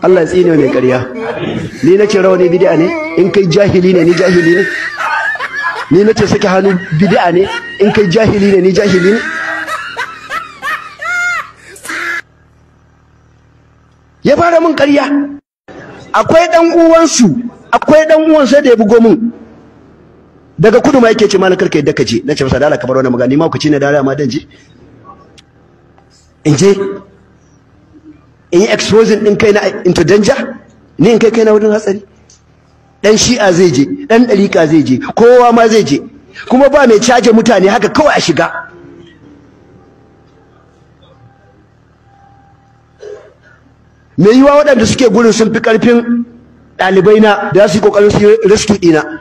Allah ya tsine mai ƙarya ni ce rawani bid'a ne in kai jahili ne ni jahili ne ni na ce saki hannu bid'a ne in kai jahili ne ni jahili ne ya fara mun ƙarya akwai dan uwansu akwai dan uwansu da ya bugo mun daga kudu ma yake ce malakar karka yadda ka na ce masa dala kamar wani magani ma ku ci ne dala ma dan ji. in je in yi exposing din na into danger Ni in kai kai na wurin hatsari Ɗan shi'a zai je ɗan ɗalika zai je kowa ma zai je kuma ba mai caje mutane haka kawai a shiga mai yiwa waɗanda suke gurin sun fi ƙarfin ɗalibai na da su yi ƙoƙarin su yi rescue ɗina